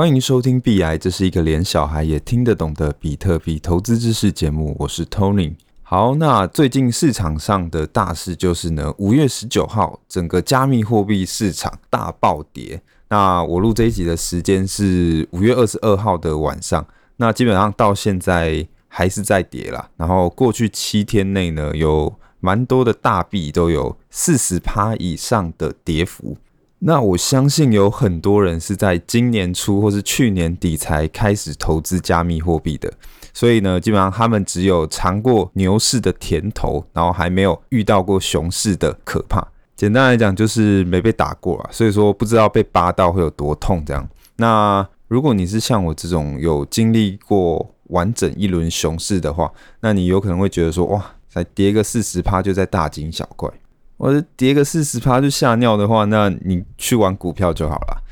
歡迎收聽幣癌，這是一個連小孩也聽得懂的比特幣投資知識節目。我是 Tony。好，那最近市場上的大事就是呢，五月十九號整個加密貨幣市場大暴跌。那我錄這一集的時間是五月二十二號的晚上，那基本上到現在還是在跌啦，然後過去七天內呢，有蠻多的大幣都有四十趴以上的跌幅。那我相信有很多人是在今年初或是去年底才開始投資加密貨幣的，所以呢，基本上他們只有嘗過牛市的甜頭，然後還沒有遇到過熊市的可怕。簡單來講，就是沒被打過啊，所以說不知道被扒到會有多痛。這樣，那如果你是像我這種有經歷過完整一輪熊市的話，那你有可能會覺得說，哇，才跌個四十趴就在大驚小怪。我跌個四十趴就嚇尿的話，那你去玩股票就好了。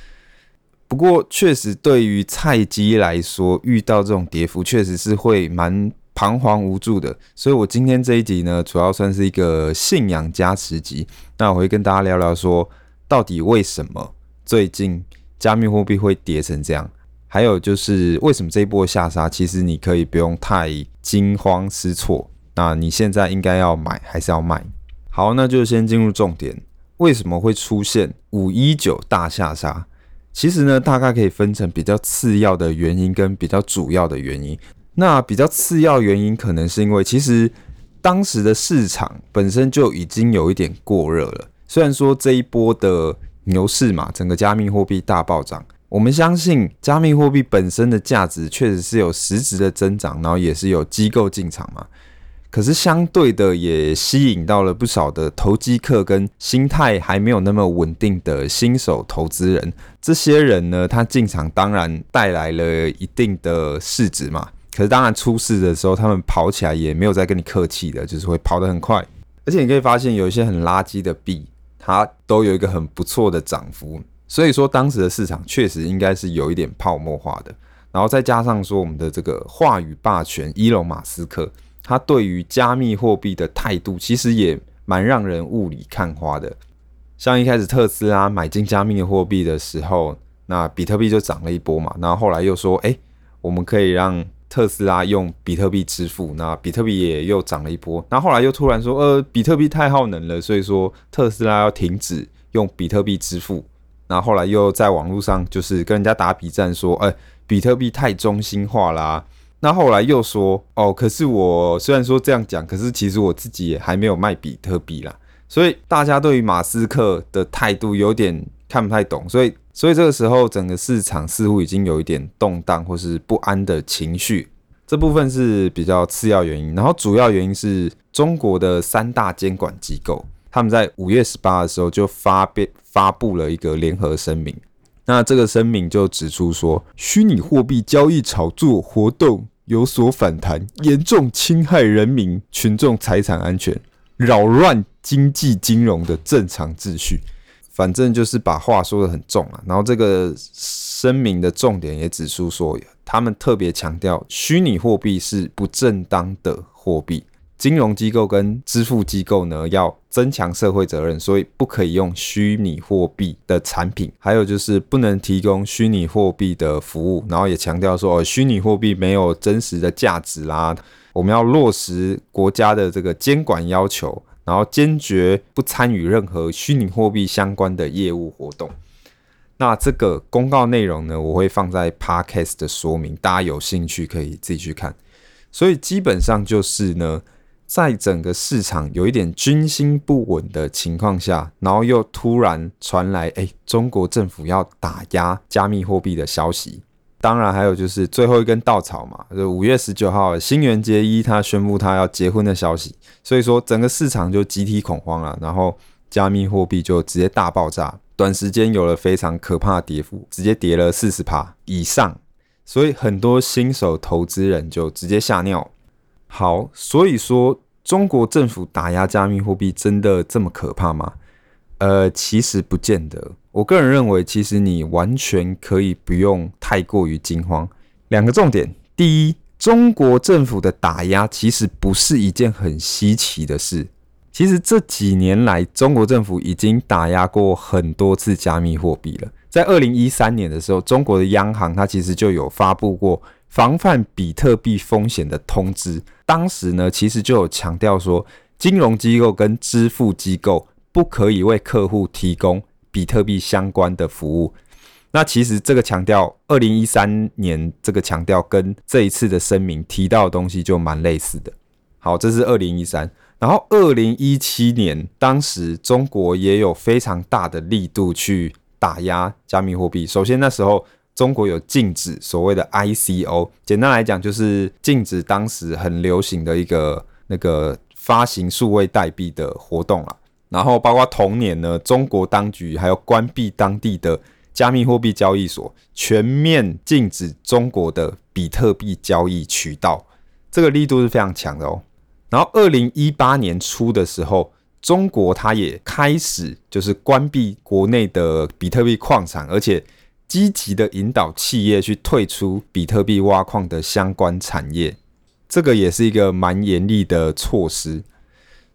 不過，確實對於菜雞來說，遇到這種跌幅，確實是會蠻彷徨無助的。所以，我今天這一集呢，主要算是一個信仰加持集。那我會跟大家聊聊說，到底為什麼最近加密貨幣會跌成這樣，還有就是為什麼這一波下殺，其實你可以不用太驚慌失措。那你現在應該要買還是要賣？好，那就先進入重點，為什麼會出現五一九大下殺？其實呢，大概可以分成比較次要的原因跟比較主要的原因。那比較次要的原因，可能是因為其實當時的市場本身就已經有一點過熱了。雖然說這一波的牛市嘛，整個加密貨幣大暴漲，我們相信加密貨幣本身的價值確實是有實質的增長，然後也是有機構進場嘛。可是相對的，也吸引到了不少的投機客跟心態還沒有那麼穩定的新手投資人。這些人呢，他進場當然帶來了一定的市值嘛。可是當然出事的時候，他們跑起來也沒有再跟你客氣的，就是會跑得很快。而且你可以發現，有一些很垃圾的幣，它都有一個很不錯的漲幅。所以說，當時的市場確實應該是有一點泡沫化的。然後再加上說，我們的這個話語霸權，伊隆馬斯克。他對於加密貨幣的態度其實也蠻讓人霧裡看花的。像一開始特斯拉買進加密貨幣的時候，那比特幣就漲了一波嘛。然後後來又說，哎，我們可以讓特斯拉用比特幣支付，那比特幣也又漲了一波。然後後來又突然說，呃，比特幣太耗能了，所以說特斯拉要停止用比特幣支付。然後後來又在網絡上就是跟人家打筆戰，說，哎，比特幣太中心化啦、啊。那後來又說，哦，可是我雖然說這樣講，可是其實我自己也還沒有賣比特幣啦，所以大家對於馬斯克的態度有點看不太懂，所以所以這個時候整個市場似乎已經有一點動盪或是不安的情緒，這部分是比較次要原因，然後主要原因是中國的三大監管機構，他們在五月十八的時候就發變發布了一個聯合聲明。那這個聲明就指出說，虛擬貨幣交易炒作活動有所反彈，嚴重侵害人民群眾財產安全，擾亂經濟金融的正常秩序。反正就是把話說得很重啊。然後這個聲明的重點也指出說，他們特別強調，虛擬貨幣是不正當的貨幣。金融機構跟支付機構呢，要增強社會責任，所以不可以用虛擬貨幣的產品，還有就是不能提供虛擬貨幣的服務。然後也強調說，虛擬貨幣沒有真實的價值啦。我們要落實國家的這個監管要求，然後堅決不參與任何虛擬貨幣相關的業務活動。那這個公告內容呢，我會放在 Podcast 的說明，大家有興趣可以自己去看。所以基本上就是呢。在整個市場有一點軍心不穩的情況下，然後又突然傳來哎、欸，中國政府要打壓加密貨幣的消息。當然，還有就是最後一根稻草嘛，就五月十九號，新垣結衣他宣布他要結婚的消息。所以說，整個市場就集體恐慌了，然後加密貨幣就直接大爆炸，短時間有了非常可怕的跌幅，直接跌了四十趴以上。所以很多新手投資人就直接嚇尿。好，所以說中國政府打壓加密貨幣真的這麼可怕嗎？呃，其實不見得。我個人認為，其實你完全可以不用太過於驚慌。兩個重點：第一，中國政府的打壓其實不是一件很稀奇的事。其實這幾年來，中國政府已經打壓過很多次加密貨幣了。在二零一三年的時候，中國的央行它其實就有發佈過防範比特幣風險的通知。當時呢，其實就有強調說，金融機構跟支付機構不可以為客戶提供比特幣相關的服務。那其實這個強調，二零一三年這個強調跟這一次的聲明提到的東西就蠻類似的。好，這是二零一三，然後二零一七年，當時中國也有非常大的力度去打壓加密貨幣。首先那時候。中國有禁止所謂的 ICO，簡單來講就是禁止當時很流行的一個那個發行數位代幣的活動了。然後包括同年呢，中國當局還有關閉當地的加密貨幣交易所，全面禁止中國的比特幣交易渠道，這個力度是非常強的哦。然後二零一八年初的時候，中國它也開始就是關閉國內的比特幣礦場，而且。積極的引導企業去退出比特幣挖礦的相關產業，這個也是一個蠻嚴厲的措施。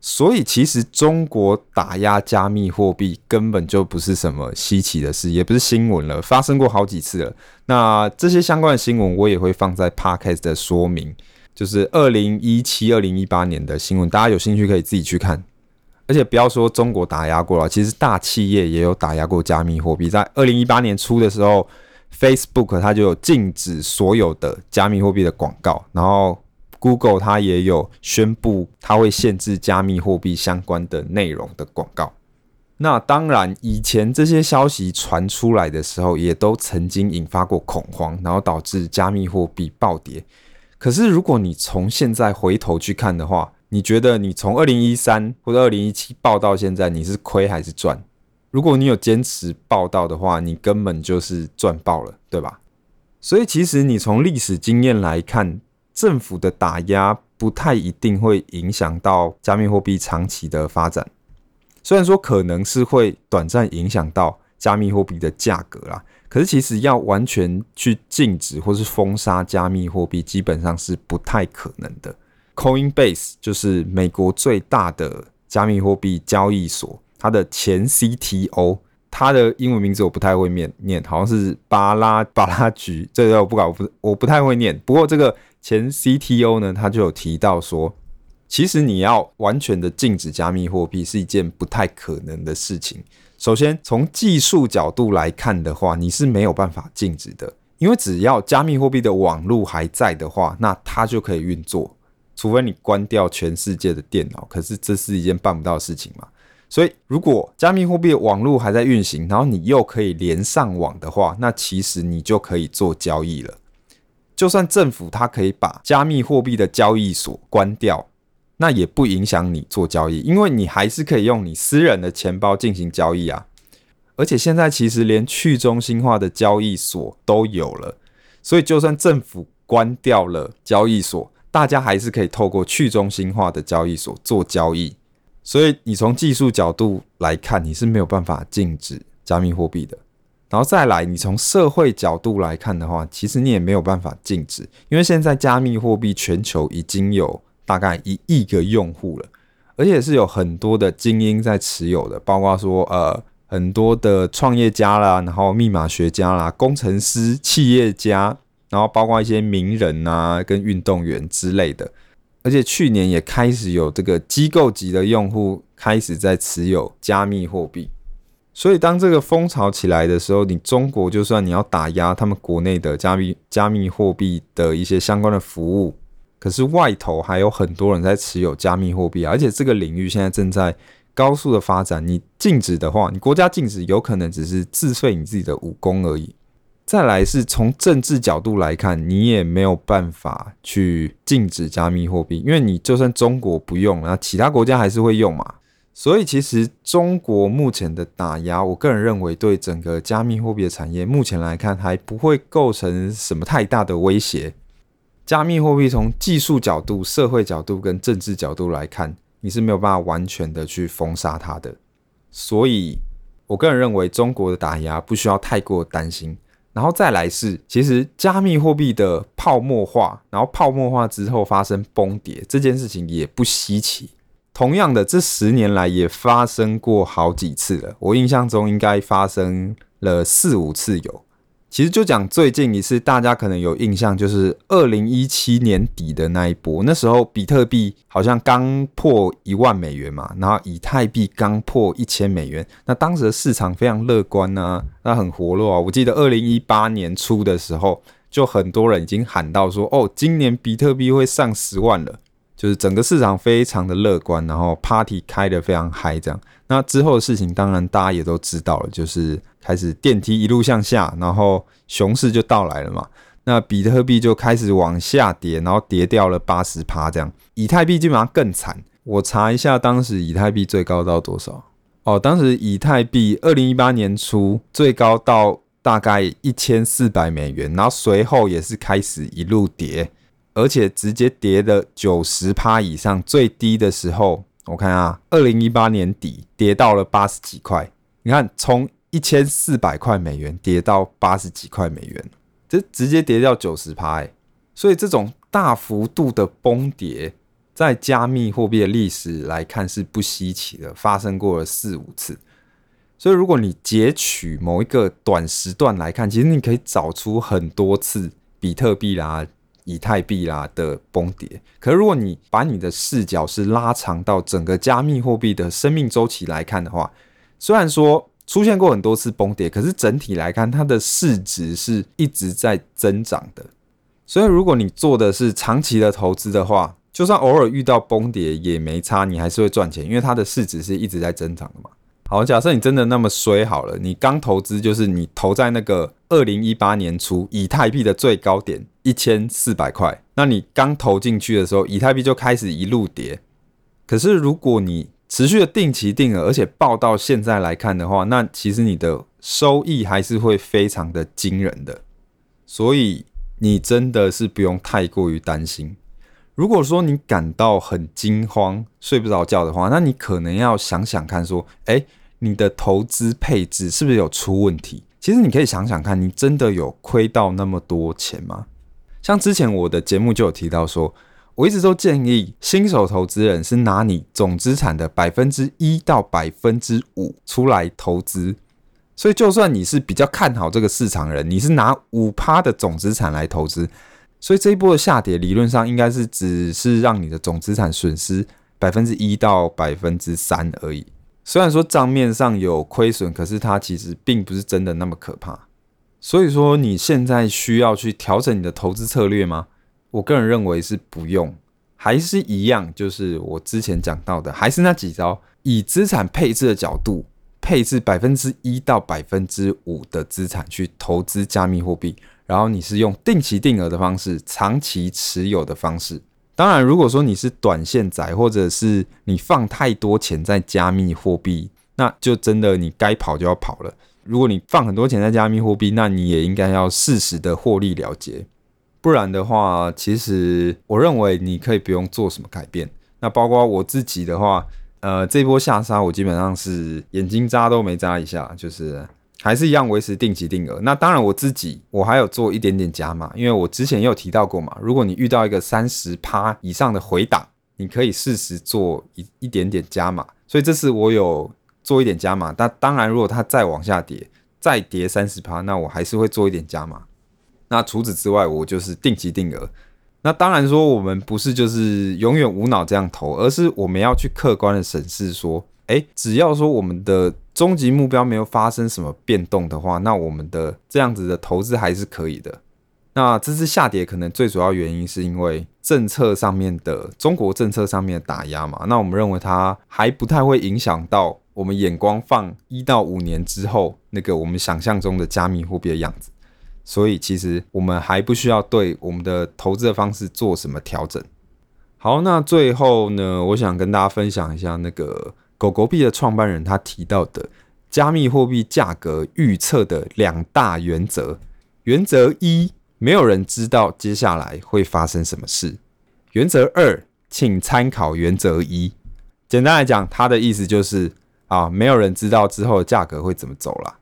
所以，其實中國打壓加密貨幣根本就不是什麼稀奇的事，也不是新聞了，發生過好幾次了。那這些相關的新聞我也會放在 podcast 的說明，就是二零一七、二零一八年的新聞，大家有興趣可以自己去看。而且不要說中國打壓過了，其實大企業也有打壓過加密貨幣。在二零一八年初的時候，Facebook 它就有禁止所有的加密貨幣的廣告，然後 Google 它也有宣布它會限制加密貨幣相關的內容的廣告。那當然，以前這些消息傳出來的時候，也都曾經引發過恐慌，然後導致加密貨幣暴跌。可是，如果你從現在回頭去看的話，你覺得你從二零一三或者二零一七抱到現在，你是虧還是賺？如果你有堅持抱到的話，你根本就是賺爆了，對吧？所以其實你從歷史經驗來看，政府的打壓不太一定會影響到加密貨幣長期的發展。雖然說可能是會短暫影響到加密貨幣的價格啦，可是其實要完全去禁止或是封殺加密貨幣，基本上是不太可能的。Coinbase 就是美國最大的加密貨幣交易所，它的前 CTO，它的英文名字我不太會念，念好像是巴拉巴拉菊，這個我不搞，我不我不太會念。不過這個前 CTO 呢，他就有提到說，其實你要完全的禁止加密貨幣是一件不太可能的事情。首先，從技術角度來看的話，你是沒有辦法禁止的，因為只要加密貨幣的網絡還在的話，那它就可以運作。除非你關掉全世界的電腦，可是這是一件辦不到的事情嘛。所以，如果加密貨幣的網絡還在運行，然後你又可以連上網的話，那其實你就可以做交易了。就算政府它可以把加密貨幣的交易所關掉，那也不影響你做交易，因為你還是可以用你私人的錢包進行交易啊。而且現在其實連去中心化的交易所都有了，所以就算政府關掉了交易所，大家還是可以透過去中心化的交易所做交易，所以你從技術角度來看，你是沒有辦法禁止加密貨幣的。然後再來，你從社會角度來看的話，其實你也沒有辦法禁止，因為現在加密貨幣全球已經有大概一億個用戶了，而且是有很多的精英在持有的，包括說呃很多的創業家啦，然後密碼學家啦，工程師、企業家。然後包括一些名人啊，跟運動員之類的，而且去年也開始有這個機構級的用戶開始在持有加密貨幣。所以當這個風潮起來的時候，你中國就算你要打壓他們國內的加密加密貨幣的一些相關的服務，可是外頭還有很多人在持有加密貨幣啊。而且這個領域現在正在高速的發展，你禁止的話，你國家禁止，有可能只是自廢你自己的武功而已。再來是從政治角度來看，你也沒有辦法去禁止加密貨幣，因為你就算中國不用，那其他國家還是會用嘛。所以其實中國目前的打壓，我個人認為對整個加密貨幣的產業目前來看還不會構成什麼太大的威脅。加密貨幣從技術角度、社會角度跟政治角度來看，你是沒有辦法完全的去封殺它的。所以，我個人認為中國的打壓不需要太過擔心。然後再來是，其實加密貨幣的泡沫化，然後泡沫化之後發生崩跌這件事情也不稀奇。同樣的，這十年來也發生過好幾次了，我印象中應該發生了四五次有。其實就講最近一次，大家可能有印象，就是二零一七年底的那一波。那時候比特幣好像剛破一萬美元嘛，然後以太幣剛破一千美元。那當時的市場非常樂觀啊，那很活絡啊。我記得二零一八年初的時候，就很多人已經喊到說：“哦，今年比特幣會上十萬了。”就是整個市場非常的樂觀，然後 party 開得非常嗨。這樣，那之後的事情當然大家也都知道了，就是。開始電梯一路向下，然後熊市就到來了嘛。那比特幣就開始往下跌，然後跌掉了八十趴這樣。以太幣基本上更慘。我查一下，當時以太幣最高到多少？哦，當時以太幣二零一八年初最高到大概一千四百美元，然後隨後也是開始一路跌，而且直接跌了九十趴以上。最低的時候，我看啊，二零一八年底跌到了八十幾塊。你看從。從一千四百塊美元跌到八十幾塊美元，這直接跌掉九十趴。所以這種大幅度的崩跌，在加密貨幣的歷史來看是不稀奇的，發生過了四五次。所以如果你截取某一個短時段來看，其實你可以找出很多次比特幣啦、啊、以太幣啦、啊、的崩跌。可是如果你把你的視角是拉長到整個加密貨幣的生命週期來看的話，雖然說出現過很多次崩跌，可是整體來看，它的市值是一直在增長的。所以，如果你做的是長期的投資的話，就算偶爾遇到崩跌也沒差，你還是會賺錢，因為它的市值是一直在增長的嘛。好，假設你真的那麼衰好了，你剛投資就是你投在那個二零一八年初以太幣的最高點一千四百塊，那你剛投進去的時候，以太幣就開始一路跌。可是如果你持續的定期定額，而且抱到現在來看的話，那其實你的收益還是會非常的驚人的，所以你真的是不用太過於擔心。如果說你感到很驚慌、睡不着覺的話，那你可能要想想看，說，誒、欸，你的投資配置是不是有出問題？其實你可以想想看，你真的有虧到那麼多錢嗎？像之前我的節目就有提到說。我一直都建議新手投資人是拿你總資產的百分之一到百分之五出來投資，所以就算你是比較看好這個市場人，你是拿五趴的總資產來投資，所以這一波的下跌理論上應該是只是讓你的總資產損失百分之一到百分之三而已。雖然說賬面上有虧損，可是它其實並不是真的那麼可怕。所以說，你現在需要去調整你的投資策略嗎？我個人認為是不用，還是一樣，就是我之前講到的，還是那幾招，以資產配置的角度，配置百分之一到百分之五的資產去投資加密貨幣，然後你是用定期定額的方式，長期持有的方式。當然，如果說你是短線仔，或者是你放太多錢在加密貨幣，那就真的你該跑就要跑了。如果你放很多錢在加密貨幣，那你也應該要適時的獲利了結。不然的話，其實我認為你可以不用做什麼改變。那包括我自己的話，呃，這波下殺我基本上是眼睛眨都沒眨一下，就是還是一樣維持定期定額。那當然我自己我還有做一點點加碼，因為我之前也有提到過嘛，如果你遇到一個三十趴以上的回檔，你可以適時做一一點點加碼。所以這次我有做一點加碼，但當然如果它再往下跌，再跌三十趴，那我還是會做一點加碼。那除此之外，我就是定期定額。那當然說，我們不是就是永遠無腦這樣投，而是我們要去客觀的審視，說，哎、欸，只要說我們的終極目標沒有發生什麼變動的話，那我們的這樣子的投資還是可以的。那這次下跌可能最主要原因是因為政策上面的，中國政策上面的打壓嘛。那我們認為它還不太會影響到我們眼光放一到五年之後，那個我們想象中的加密貨幣的樣子。所以，其實我們還不需要對我們的投資的方式做什麼調整。好，那最後呢，我想跟大家分享一下那個狗狗幣的創辦人他提到的加密貨幣價格預測的兩大原則。原則一，沒有人知道接下來會發生什麼事。原則二，請參考原則一。簡單來講，他的意思就是啊，沒有人知道之後的價格會怎麼走啦。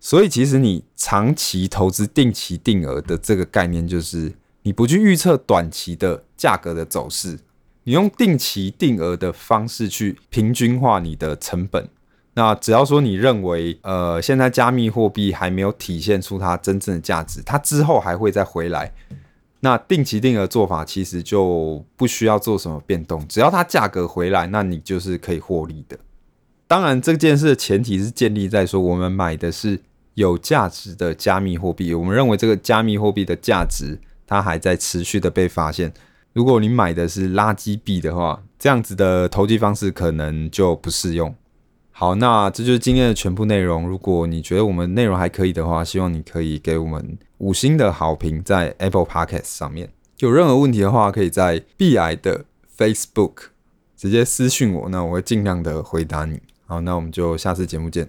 所以，其實你長期投資定期定額的這個概念，就是你不去預測短期的價格的走勢，你用定期定額的方式去平均化你的成本。那只要說你認為，呃，現在加密貨幣還沒有體現出它真正的價值，它之後還會再回來，那定期定額做法其實就不需要做什麼變動，只要它價格回來，那你就是可以獲利的。當然，這件事的前提是建立在說我們買的是。有價值的加密貨幣，我們認為這個加密貨幣的價值它還在持續的被發現。如果你買的是垃圾幣的話，這樣子的投機方式可能就不適用。好，那這就是今天的全部內容。如果你覺得我們內容還可以的話，希望你可以給我們五星的好評，在 Apple Podcast 上面。有任何問題的話，可以在 bi 的 Facebook 直接私訊我，那我會盡量的回答你。好，那我們就下次節目見。